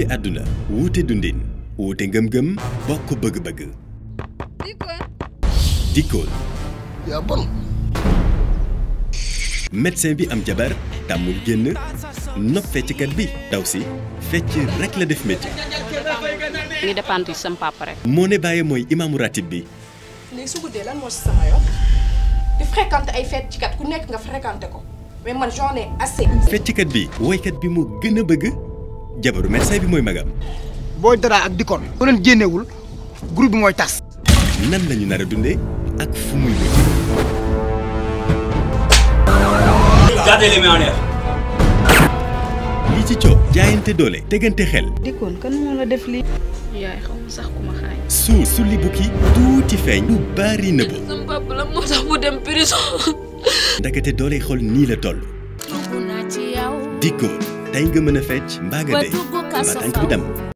wuute àdduna wuute dundin wuute ngëm-ngëm bokk bëgg-bëgg. Dikkoon. bi am jabar tàmmul génn nopp fecckat bi daw si fecc rek la def métier. ñu dépendre ci sama papa moo ne bàyyi mooy imaamu ratib bi. léegi su guddee lan ku nekk nga fréquenté ko mais man bi woykat bi mu gën bëgg. jabaru médecin bi mooy magam. booy daraa ak dikkoon. ku leen génneewul groupe bi mooy tas. nan la ñu nar a dundee ak fu muy wér. gardez ci coow jaayante doole tegante xel. dikkoon kan moo la def lii. yaay xaw sax ku xaay. su su li bukki tuuti feeñ. lu bari nëbb. sama papa la moo tax mu dem prison. ndakate doole xol nii la toll. dugg naa ci yow. dikkoon. tey nga mën a fecc mbaa nga de mbaa tànk bi dem